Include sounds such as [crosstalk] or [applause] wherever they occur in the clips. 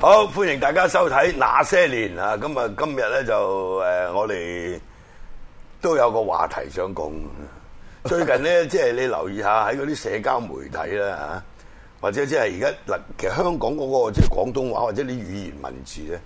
好，歡迎大家收睇《那些年》啊！咁啊，今日咧就誒，我哋都有個話題想講。最近咧，即係你留意下喺嗰啲社交媒體啦吓，或者即係而家嗱，其實香港嗰個即係廣東話或者啲語言文字咧。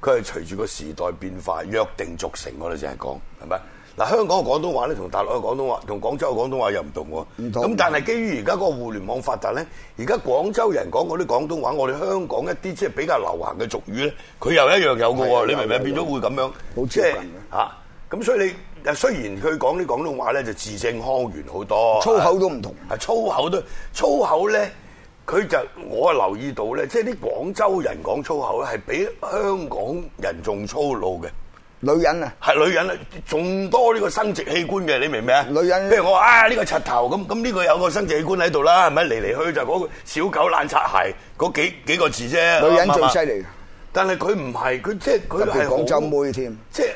佢係隨住個時代變化，約定俗成我哋淨係講，係咪？嗱，香港嘅廣東話咧，同大陸嘅廣東話，同廣州嘅廣東話又唔同喎。唔同咁，但係基於而家嗰個互聯網發達咧，而家廣州人講嗰啲廣東話，我哋香港一啲即係比較流行嘅俗語咧，佢又一樣有嘅喎。的你明唔明變咗會咁樣？冇錯、即係，嚇咁所以你，雖然佢講啲廣東話咧，就字正腔圓好多，粗口都唔同。啊，粗口都粗口咧。佢就我啊留意到咧，即係啲廣州人講粗口咧，係比香港人仲粗魯嘅。女人啊，係女人啊，仲多呢個生殖器官嘅，你明唔明啊？女人，譬如我話啊，呢個柒頭咁咁，呢個有個生殖器官喺度啦，係咪嚟嚟去就嗰個小狗爛擦鞋嗰幾幾個字啫？女人最犀利嘅，是是但係佢唔係佢，即係佢係廣州妹添，即係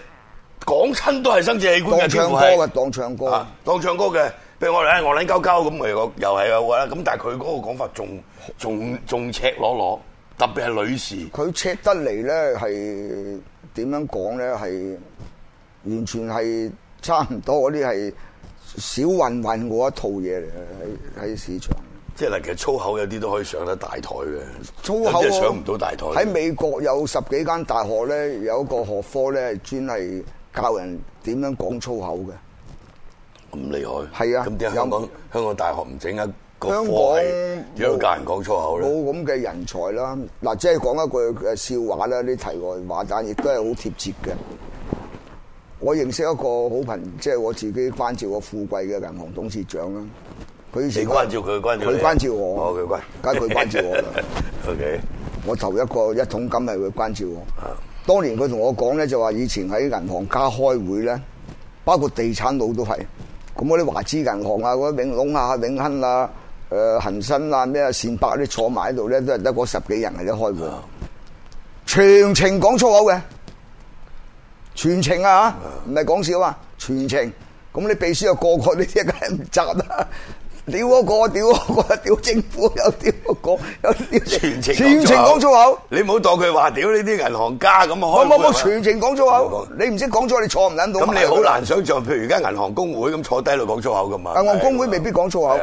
講親都係生殖器官嘅，唱歌嘅，當唱歌，當唱歌嘅唱。俾我嚟，我捻鳩鳩咁，咪個又係個啦。咁但係佢嗰個講法仲仲仲赤裸裸，特別係女士。佢赤得嚟咧，係點樣講咧？係完全係差唔多嗰啲係小混混嗰一套嘢嚟，喺喺市場。即係嗱，其實粗口有啲都可以上得大台嘅，粗口，即係上唔到大台。喺美國有十幾間大學咧，有一個學科咧，專係教人點樣講粗口嘅。咁厲害係啊！點解香港有冇香港大學唔整一個科系，香港有教人講粗口咧？冇咁嘅人才啦！嗱，即係講一句笑話啦，啲題外話，但亦都係好貼切嘅。我認識一個好朋，即係我自己關照個富貴嘅銀行董事長啦。佢以前關照佢，關照佢關照我。哦，關，梗係佢關照我。O K，我頭一個一桶金係佢關照我。當年佢同我講咧，就話以前喺銀行家開會咧，包括地產佬都係。咁啲華資銀行啊，嗰啲永隆啊、永亨啊、誒、呃、恒生啊、咩啊、善柏嗰啲坐埋喺度咧，都係得嗰十幾人嚟開會，全程講粗口嘅，全程啊嚇，唔係講笑啊，全程。咁你秘書個個啊，過錯呢啲真係唔準啊！屌我個，屌我個，屌政府又屌我個，有啲全程全程講粗口，你唔好當佢話屌呢啲銀行家咁啊！冇冇冇，全程講粗口，你唔識講粗口，你坐唔撚到。咁你好難想象，譬如而家銀行工會咁坐低度講粗口噶嘛？銀行工會未必講粗口，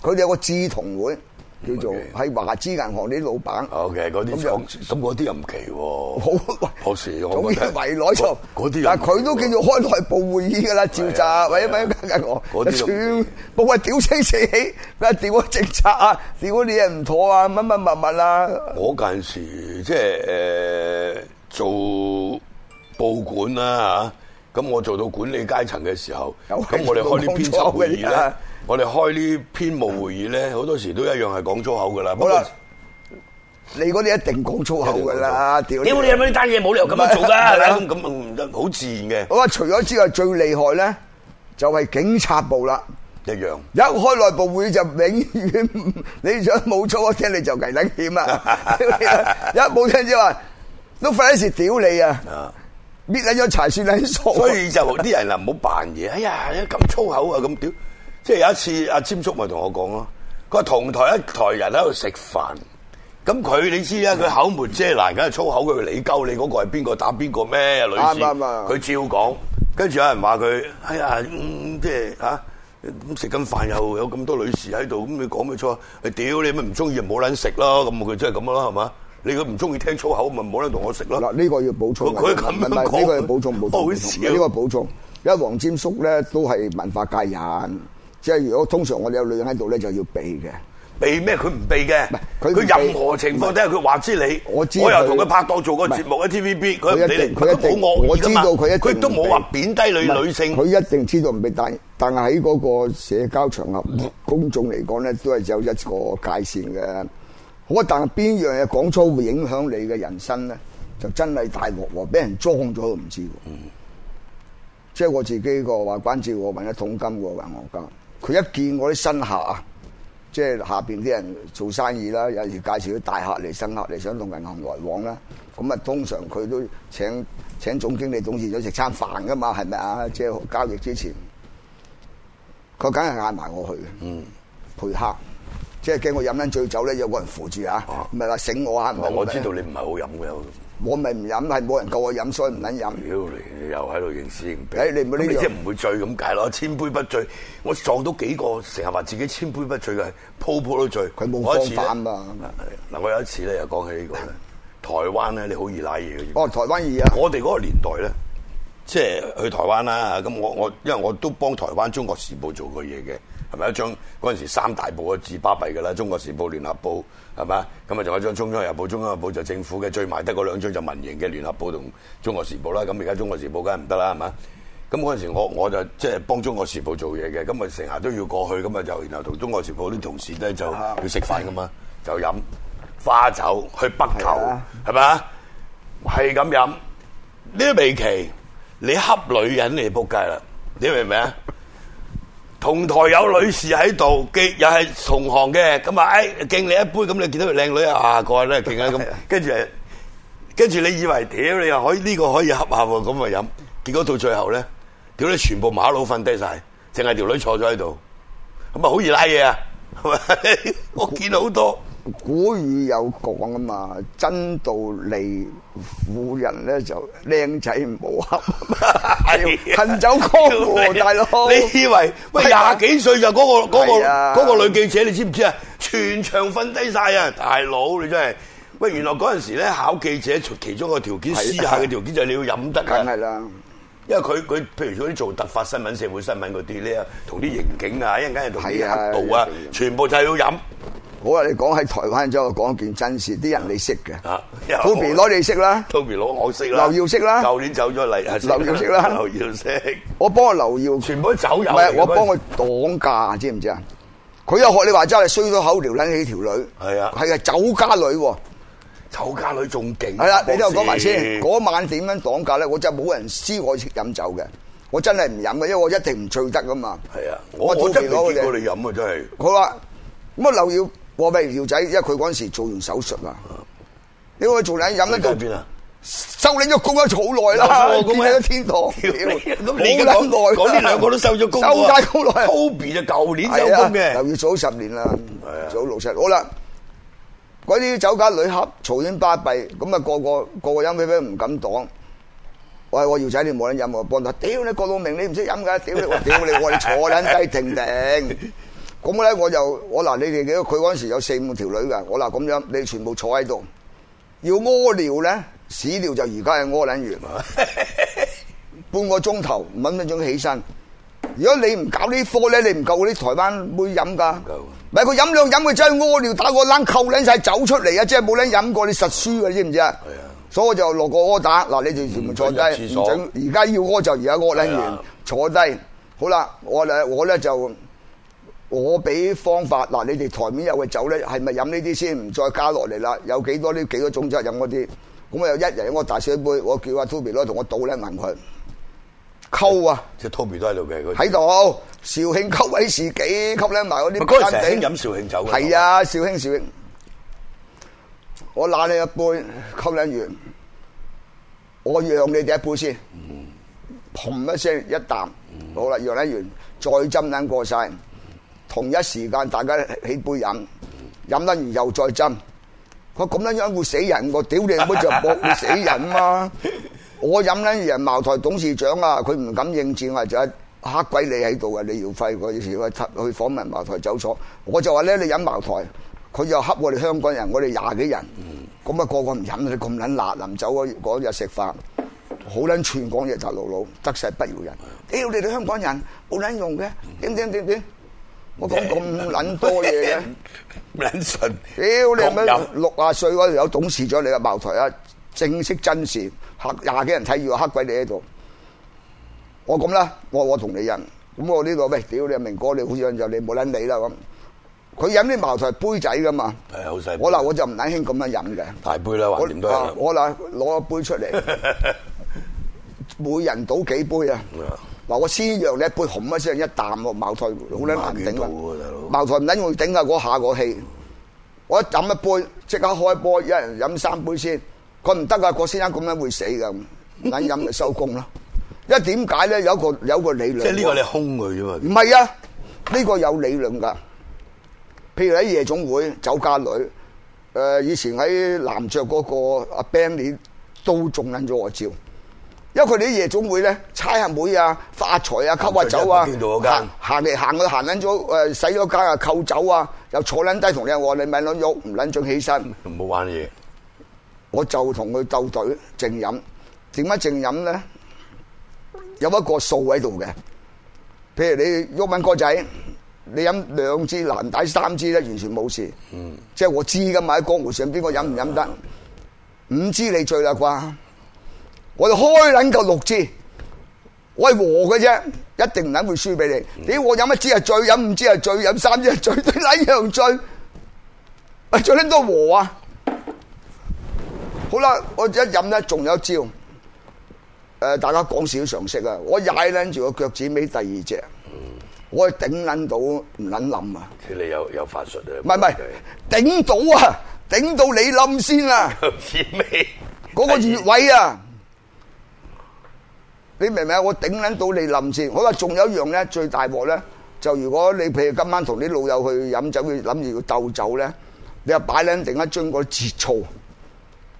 佢哋了有個志同會。叫做喺華資銀行啲老闆，OK，嗰啲咁嗰啲又唔奇喎，好， [laughs] 好事我，總之圍內就嗰啲人，佢都叫做開內部會議噶啦，召集或者咩咩隔隔我，啊、全部係屌聲四起，咩屌嗰政策啊，屌嗰啲嘢唔妥啊，乜乜物物啊。我近時即係誒做報館啦，咁我做到管理階層嘅時候，咁我哋開啲編輯會議啦。啊。我哋開呢編務會議咧，好多時都一樣係講粗口噶啦。好啦，你嗰啲一定講粗口噶啦，屌你有咩單嘢，冇理由咁樣做噶，係咪啊？咁啊唔得，好自然嘅。好啊，除咗之外，最厲害咧就係警察部啦，一樣。一開內部會就永遠你想冇粗口聽你就危險險啊！一冇聽就話都費事屌你啊！搣緊咗柴算緊數，所以就啲人嗱唔好扮嘢。哎呀，咁粗口啊，咁屌！即係有一次，阿詹叔咪同我講咯，佢話同台一枱人喺度食飯，咁佢你知啦，佢口無遮攔，梗係粗口。佢你鳩你嗰個係邊個打邊個咩？女士，啱啱啊？佢照講，跟住有人話佢哎呀，嗯、即係嚇、啊，食緊飯又有咁多女士喺度，咁你講佢錯？係屌你咪唔中意就冇撚食咯，咁佢真係咁樣咯，係嘛？你如果唔中意聽粗口，咪冇撚同我食咯。嗱，呢個要補充。佢咁樣講，呢、呢個要補充，補充，呢像個補充。因為黃詹叔咧都係文化界人。即係如果通常我哋有女人喺度咧，就要避嘅。避咩？佢唔避嘅。唔係佢佢任何情況都係佢話知你。是之我知我又同佢拍檔做過節目嘅 TVB，佢一定佢一定。我我知道佢，一佢都冇話貶低女女性。佢一定知道唔俾帶。但係喺嗰個社交場合， [laughs] 公眾嚟講咧，都係有一個界線嘅。好啊，但係邊樣嘢講粗會影響你嘅人生咧？就真係大鑊，喎俾人裝咗都唔知。嗯。 [noise] 即係我自己個話，關照我揾一桶金，我揾我家。佢一見我啲新客啊，即係下邊啲人做生意啦，有時介紹啲大客嚟、新客嚟，想同銀行來往啦。咁啊，通常佢都請請總經理、董事長食餐飯噶嘛，係咪啊？即係交易之前，佢梗係嗌埋我去嘅。嗯，陪客，即係驚我飲緊醉酒咧，有個人扶住啊。唔係話醒我啊。唔係，我知道你唔係好飲嘅。我咪唔飲，係冇人夠我飲，所以唔肯飲。哎、又喺度認屍認你唔好，你即係唔會醉咁解咯，千杯不醉。我撞到幾個成日話自己千杯不醉嘅，鋪鋪都醉。佢冇相反嘛。嗱我，我有一次咧又講起呢、呢個台灣咧，你好易奶嘢嘅。哦台灣易啊！我哋嗰個年代咧，即係去台灣啦。咁我我因為我都幫台灣《中國時報》做過嘢嘅。係咪一張嗰陣時三大報紙巴閉㗎啦？中國時報、聯合報，係嘛？咁啊仲有一張中央日報，中央日報就政府嘅，最賣得嗰兩張就民營嘅聯合報同中國時報啦。咁而家中國時報梗係唔得啦，係嘛？咁嗰陣時我我就即係幫中國時報做嘢嘅，咁啊成日都要過去，咁啊就然後同中國時報啲同事咧就去食飯噶嘛，就飲花酒去北球，係嘛是的 吧？係咁飲呢啲未期，你恰女人你就仆街啦，你明唔明啊？同台有女士喺度，敬又係同行嘅，咁啊，誒、哎、敬你一杯，咁你見到條靚女啊，個個都係敬啊，咁跟住，跟住你以為屌你又可以呢個可以恰下喎，咁啊飲，結果到最後咧，屌你全部馬佬瞓低晒，淨係條女坐咗喺度，咁啊好易拉嘢啊，係咪？ [laughs] 我見到好多。古語有講啊嘛，真道理富人咧就靚仔唔好恰，係啊，行走江湖大佬。你以為喂廿幾歲就嗰個個個女記者，你知唔知啊？全場瞓低晒啊！大佬，你真係喂，原來嗰陣時咧考記者，其中個條件私下嘅條件就係你要飲得梗係啦！因為佢佢譬如啲做突發新聞、社會新聞嗰啲咧，同啲刑警啊，一陣間喺度啲黑道啊，全部就係要飲。我你講喺台灣咗，講件真事，啲人你識嘅吓 Toby 攞你識啦 Toby 攞我識啦，劉耀識啦，舊年走咗嚟，劉耀識啦，劉耀識。我幫阿劉耀，全部啲酒友，唔係，我幫佢擋架，知唔知啊？佢又學你話齋，衰到口條捻起條女，係啊，係啊，酒家女喎，酒家女仲勁。係啦，你聽我講埋先，嗰晚點樣擋架咧？我真係冇人知我識飲酒嘅，我真係唔飲嘅，因為我一定唔醉得噶嘛。係啊，我真係見過你飲啊，真係。好啦，我劉耀。我喂姚仔，因為佢嗰陣時做完手術啦，呢個做仔飲得夠，收領咗工都坐好耐啦，咁喺個天堂。我而家講耐，講呢兩個都收咗工啊。Toby 就舊年收工嘅，又要早十年啦，早六十年。好啦，嗰啲酒家旅客嘈冤巴閉，咁啊個個個個飲啤啤唔敢擋。喂，我姚仔，你冇諗飲我幫到。屌你郭老明，你唔識飲噶？屌你我，屌你我，你坐緊低停停。咁咧，我就我嗱，你哋記得，佢嗰陣時有四五條女嘅，我嗱咁樣，你全部坐喺度，要屙尿咧，屎尿就而家係屙兩完。話半個鐘頭，五分鐘起身。如果你唔搞呢科咧，你唔夠嗰啲台灣妹飲噶，唔係佢飲量飲佢真係屙尿打個冷溝，拎晒走出嚟啊！真係冇拎飲過，你實輸嘅知唔知啊？的所以我就落個屙打嗱，你就全部坐低整。而家要屙就而家屙兩完。坐低好啦，我咧我咧就。就我俾方法嗱，你哋台面有嘅酒咧，係咪飲呢啲先？唔再加落嚟啦。有幾多呢？幾個種族飲嗰啲？咁我有一人一個大水杯，我叫阿 Toby 攞，同我倒咧，問佢溝啊！即 Toby 都喺度嘅，佢喺度。肇慶溝起時幾溝咧？埋嗰啲班仔飲肇慶酒嘅，係啊，肇慶肇慶。我拿你一杯，溝兩完，我讓你哋一杯先。嗯。砰！一聲一啖，好啦，讓完，再斟飲過曬。同一時間，大家起杯飲，飲得完又再斟。佢咁樣樣會死人，我屌你媽就冇會死人嘛。 [laughs] 我飲得完茅台董事長啊，佢唔敢應戰啊！就係黑鬼你喺度啊，李兆輝嗰時去訪問茅台酒廠，我就話咧：你飲茅台，佢又恰我哋香港人，我哋廿幾人，咁啊、嗯、個個唔飲，你咁撚辣，臨走嗰日食飯，好撚串港日頭路路得勢不饒人。屌、欸、你哋香港人冇撚用嘅，點點點點。我講咁卵多嘢嘅，卵信！屌你阿媽，六啊歲嗰度有董事長嚟嘅茅台啊，正式真事，黑廿幾人睇住個黑鬼你喺度。我咁啦，我我同你飲。咁我呢個喂，屌你明哥，你好似就你冇卵理啦咁。佢飲啲茅台杯仔噶嘛。係好細。我嗱我就唔卵興咁樣飲嘅。大杯啦，點都係。我嗱攞一杯出嚟，每人倒幾杯啊？嗱，我先讓你一杯，紅乜先一啖喎？茅台好撚難頂啊！茅台唔撚會頂噶，嗰下個氣，我一飲一杯即刻開波，一人飲三杯先。佢唔得噶，郭先生咁樣會死噶，唔撚飲就收工啦。因為點解咧？有一個有一個理論，即係呢個你空佢啫嘛？唔係啊，呢個有理論噶。譬如喺夜總會酒家裏，誒以前喺男爵嗰個阿 Benny 都中撚咗我招。因為佢哋啲夜總會咧，差下妹財啊，發財啊，吸下酒啊，行嚟行去行撚咗誒，洗咗間又扣酒啊，又坐撚低同你話，你咪捻喐唔捻准起身。唔好玩嘢，我就同佢鬥隊靜飲，點解靜飲咧？有一個數喺度嘅，譬如你喐緊個仔，你飲兩支藍帶三支咧，完全冇事。嗯、即係我知㗎嘛，喺江湖上邊，邊個飲唔飲得？唔、嗯、知你醉啦啩？我哋開捻夠六支，我係和嘅啫，一定捻會輸俾你。你我飲一支啊？再飲唔知啊？再飲三支啊？再捻又再，做捻多和啊！好啦，我一飲咧，仲有一招。誒，大家講少常識啊！我踩捻住個腳趾尾第二隻，我頂捻到唔捻冧啊！你有有法術啊？唔係唔係，頂到啊！頂到你冧先啦！腳趾尾嗰個穴位啊！你明唔明啊？我頂撚到你臨時，我話仲有一樣咧，最大鑊咧，就如果你譬如今晚同啲老友去飲酒，要諗住要鬥酒咧，你啊擺撚定一樽嗰啲節醋，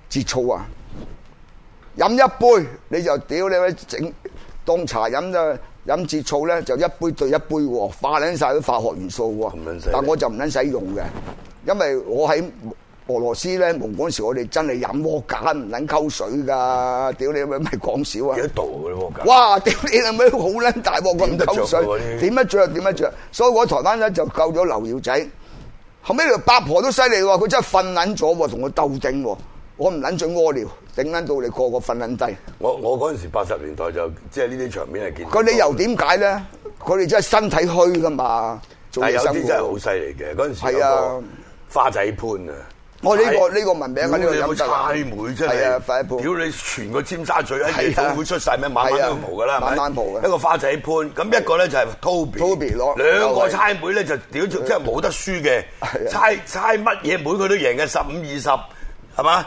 節醋啊，飲一杯你就屌你咪整當茶飲就飲節醋咧，就一杯對一杯喎，化撚晒啲化學元素喎，但我就唔撚使用嘅，因為我喺。俄羅斯咧，冇嗰時我哋真係飲鍋揀，唔撚溝水噶。屌你阿妹，咪講少啊！幾多度嘅喎？哇！屌你阿妹，好撚大鑊，我唔溝水。點一着就點一着，所以我喺台灣咧就救咗劉耀仔。後尾八婆都犀利喎，佢真係瞓撚咗喎，同我鬥頂喎。我唔撚做屙尿，頂撚到你個個瞓撚低。我我嗰陣時八十年代就即係呢啲場面係見到。佢理由點解咧？佢哋真係身體虛㗎嘛。仲有啲真係好犀利嘅嗰陣時，有個花仔潘啊。我呢個呢個文名呢個有冇猜妹真係啊，快屌你，全個尖沙咀喺啲會出晒咩？晚晚都蒲噶啦，晚晚蒲嘅一個花仔潘，咁一個咧就係 Toby，Toby 咯，兩個猜妹咧就屌，即係冇得輸嘅。猜猜乜嘢妹佢都贏嘅，十五二十係嘛？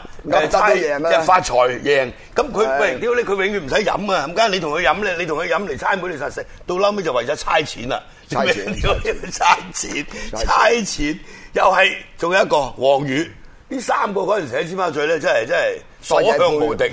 猜贏即係發財贏。咁佢永屌你，佢永遠唔使飲啊！咁家你同佢飲咧，你同佢飲嚟猜妹，你實食到撈尾就為咗猜錢啦！猜錢，猜錢，猜錢，又係仲有一個黃宇。呢一聲音三個嗰陣喺尖沙咀咧，真係真係所向無敵，呢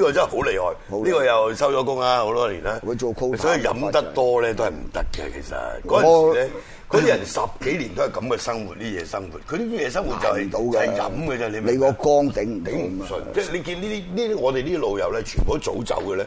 個真係好厲害，呢厲個又收咗工啦，好多年啦。佢做，所以飲得多咧都係唔得嘅。其實嗰陣時咧，嗰啲人十幾年都係咁嘅生活，啲夜生活，佢啲夜生活就係到嘅，就係飲嘅啫。你你個缸頂頂唔順，即係你見呢啲呢啲我哋呢啲老友咧，全部都早走嘅咧。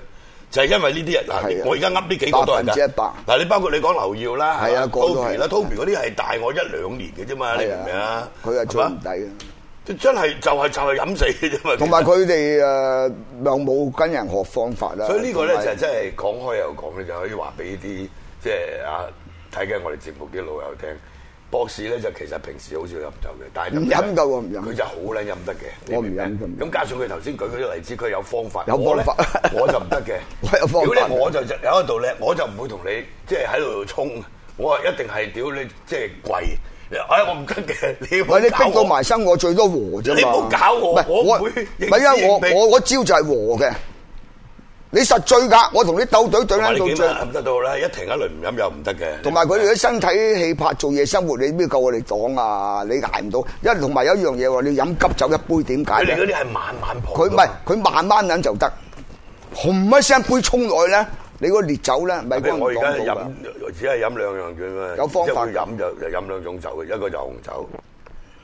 就係因為呢啲人嗱，我而家噏呢幾個都係㗎。百分之百嗱，你包括你講劉耀啦，Toby 啦，Toby 嗰啲係大我一兩年嘅啫嘛，你明唔明啊？佢又最唔抵嘅，真係就係就係飲死嘅啫嘛。同埋佢哋誒又冇跟人學方法啦。所以呢個咧就係真係講開又講咧，就可以話俾啲即係啊睇緊我哋節目啲老友聽。博士咧就其實平時好少飲酒嘅，但係飲唔唔飲，佢就好叻飲得嘅。我唔飲咁，加上佢頭先舉嗰啲例子，佢有方法。有方法，我，我就唔得嘅。我有方法咧，你我就有一道叻，我就唔會同你即係喺度衝。我係一定係屌你即係跪。哎，我唔得嘅。你我你逼到埋身，我最多和啫。你唔好搞我，是我唔唔係因我我我招就係和嘅。你實醉㗎，我同你鬥隊隊飲到醉。飲得到啦，一停一輪唔飲又唔得嘅。同埋佢哋啲身體氣魄做嘢生活，你邊夠我哋擋啊？你捱唔到。一，同埋有一樣嘢喎，你飲急酒一杯點解？你嗰啲係慢慢。佢唔係，佢慢慢飲就得。紅一聲杯沖落去咧，你嗰烈酒咧，唔係我而家係飲，只係飲兩樣嘅啫。有方法飲就飲兩種酒嘅，一個就紅酒，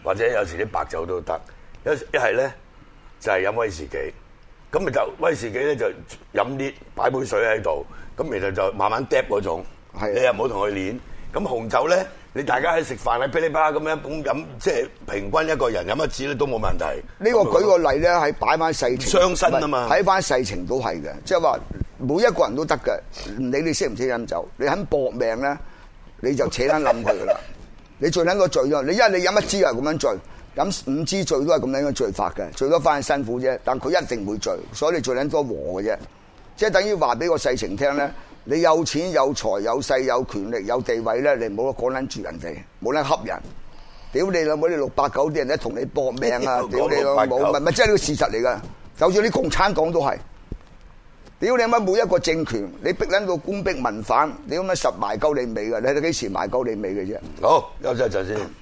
或者有時啲白酒都得。一一係咧，就係飲威士忌。咁咪就威士忌咧，就飲啲擺杯水喺度，咁其實就慢慢嗒嗰種，你又唔好同佢練。咁紅酒咧，你大家喺食飯喺，噼里啪啦咁樣咁飲，即係平均一個人飲一枝咧都冇問題。呢個舉個例咧，喺擺翻細情，傷身啊嘛。睇翻細情都係嘅，即係話每一個人都得嘅，唔理你識唔識飲酒，你肯搏命咧，你就扯撚冧佢啦。你最撚個醉啊！你因為你飲一枝啊咁樣醉，咁五知罪都係咁樣嘅罪法嘅，最多翻去辛苦啫。但佢一定會罪，所以你做捻多和嘅啫。即係等於話俾個世情聽咧，你有錢有財有勢有，有權力有地位咧，你唔好講捻住人哋，冇捻恰人。屌你老母，你六百九啲人咧同你搏命啊！屌 6 99 你老母，咪咪即係呢個事實嚟噶。就算啲共產黨都係，屌你老母，每一個政權你逼捻個官逼民反，屌你老母實埋鳩你尾，你睇到幾時埋鳩你尾嘅啫。好，休息一陣先。